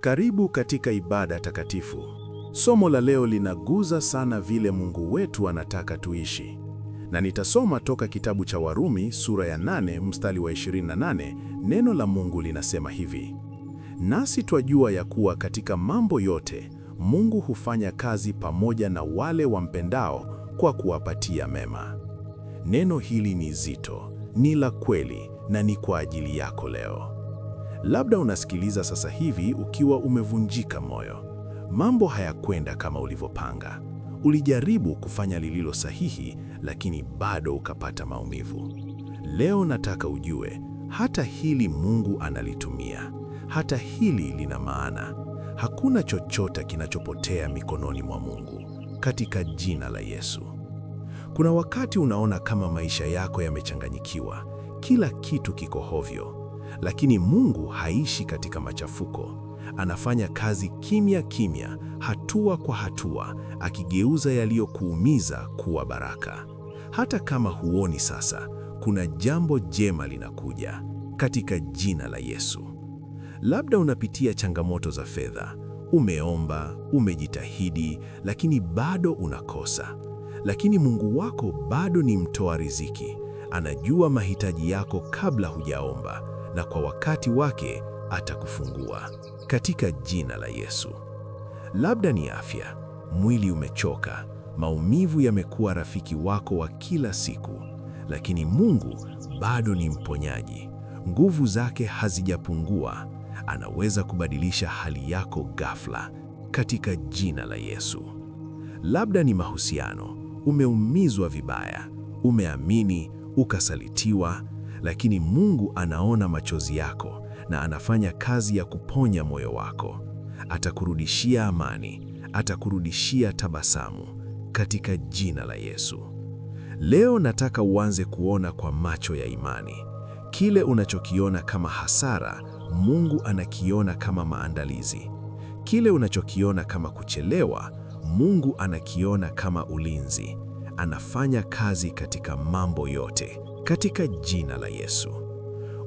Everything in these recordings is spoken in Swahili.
Karibu katika ibada takatifu. Somo la leo linaguza sana vile Mungu wetu anataka tuishi, na nitasoma toka kitabu cha Warumi sura ya 8 mstari wa 28. Neno la Mungu linasema hivi: nasi twajua ya kuwa katika mambo yote Mungu hufanya kazi pamoja na wale wampendao kwa kuwapatia mema. Neno hili ni zito, ni la kweli na ni kwa ajili yako leo. Labda unasikiliza sasa hivi ukiwa umevunjika moyo. Mambo hayakwenda kama ulivyopanga. Ulijaribu kufanya lililo sahihi, lakini bado ukapata maumivu. Leo nataka ujue, hata hili Mungu analitumia. Hata hili lina maana. Hakuna chochote kinachopotea mikononi mwa Mungu. Katika jina la Yesu. Kuna wakati unaona kama maisha yako yamechanganyikiwa, kila kitu kiko hovyo. Lakini Mungu haishi katika machafuko. Anafanya kazi kimya kimya, hatua kwa hatua, akigeuza yaliyokuumiza kuwa baraka. Hata kama huoni sasa, kuna jambo jema linakuja katika jina la Yesu. Labda unapitia changamoto za fedha, umeomba, umejitahidi, lakini bado unakosa. Lakini Mungu wako bado ni mtoa riziki, anajua mahitaji yako kabla hujaomba na kwa wakati wake atakufungua katika jina la Yesu. Labda ni afya, mwili umechoka, maumivu yamekuwa rafiki wako wa kila siku, lakini Mungu bado ni mponyaji. Nguvu zake hazijapungua. Anaweza kubadilisha hali yako ghafla katika jina la Yesu. Labda ni mahusiano, umeumizwa vibaya, umeamini ukasalitiwa lakini Mungu anaona machozi yako na anafanya kazi ya kuponya moyo wako. Atakurudishia amani, atakurudishia tabasamu katika jina la Yesu. Leo nataka uanze kuona kwa macho ya imani. Kile unachokiona kama hasara, Mungu anakiona kama maandalizi. Kile unachokiona kama kuchelewa, Mungu anakiona kama ulinzi. Anafanya kazi katika mambo yote katika jina la Yesu.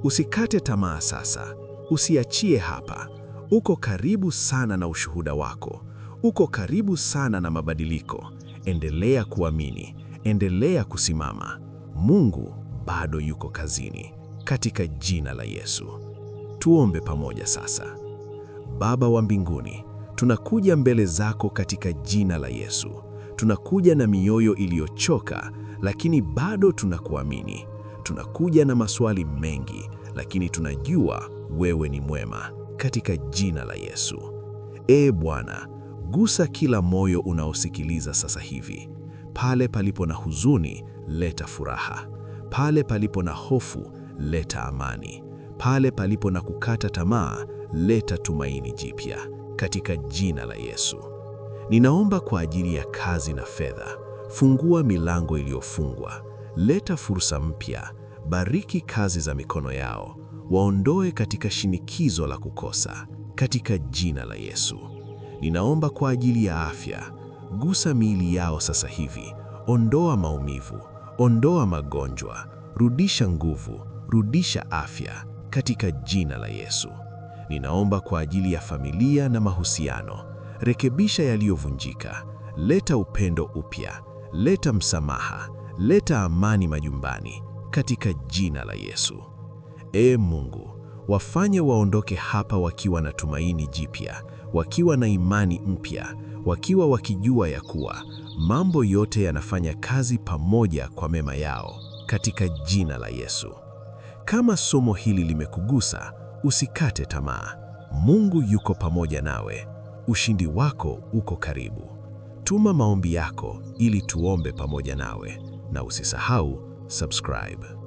Usikate tamaa sasa, usiachie hapa. Uko karibu sana na ushuhuda wako, uko karibu sana na mabadiliko. Endelea kuamini, endelea kusimama. Mungu bado yuko kazini, katika jina la Yesu. Tuombe pamoja sasa. Baba wa mbinguni, tunakuja mbele zako katika jina la Yesu. Tunakuja na mioyo iliyochoka, lakini bado tunakuamini. Tunakuja na maswali mengi, lakini tunajua wewe ni mwema. Katika jina la Yesu, Ee Bwana, gusa kila moyo unaosikiliza sasa hivi. Pale palipo na huzuni, leta furaha. Pale palipo na hofu, leta amani. Pale palipo na kukata tamaa, leta tumaini jipya. Katika jina la Yesu. Ninaomba kwa ajili ya kazi na fedha. Fungua milango iliyofungwa, leta fursa mpya, bariki kazi za mikono yao, waondoe katika shinikizo la kukosa, katika jina la Yesu. Ninaomba kwa ajili ya afya, gusa miili yao sasa hivi, ondoa maumivu, ondoa magonjwa, rudisha nguvu, rudisha afya, katika jina la Yesu. Ninaomba kwa ajili ya familia na mahusiano Rekebisha yaliyovunjika, leta upendo upya, leta msamaha, leta amani majumbani, katika jina la Yesu. Ee Mungu, wafanye waondoke hapa wakiwa na tumaini jipya, wakiwa na imani mpya, wakiwa wakijua ya kuwa mambo yote yanafanya kazi pamoja kwa mema yao, katika jina la Yesu. Kama somo hili limekugusa, usikate tamaa. Mungu yuko pamoja nawe ushindi wako uko karibu. Tuma maombi yako ili tuombe pamoja nawe, na usisahau subscribe.